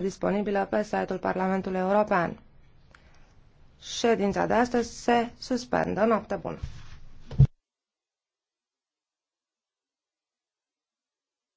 disponibilă pe site-ul Parlamentului European. Ședința de astăzi se suspendă. Noapte bună!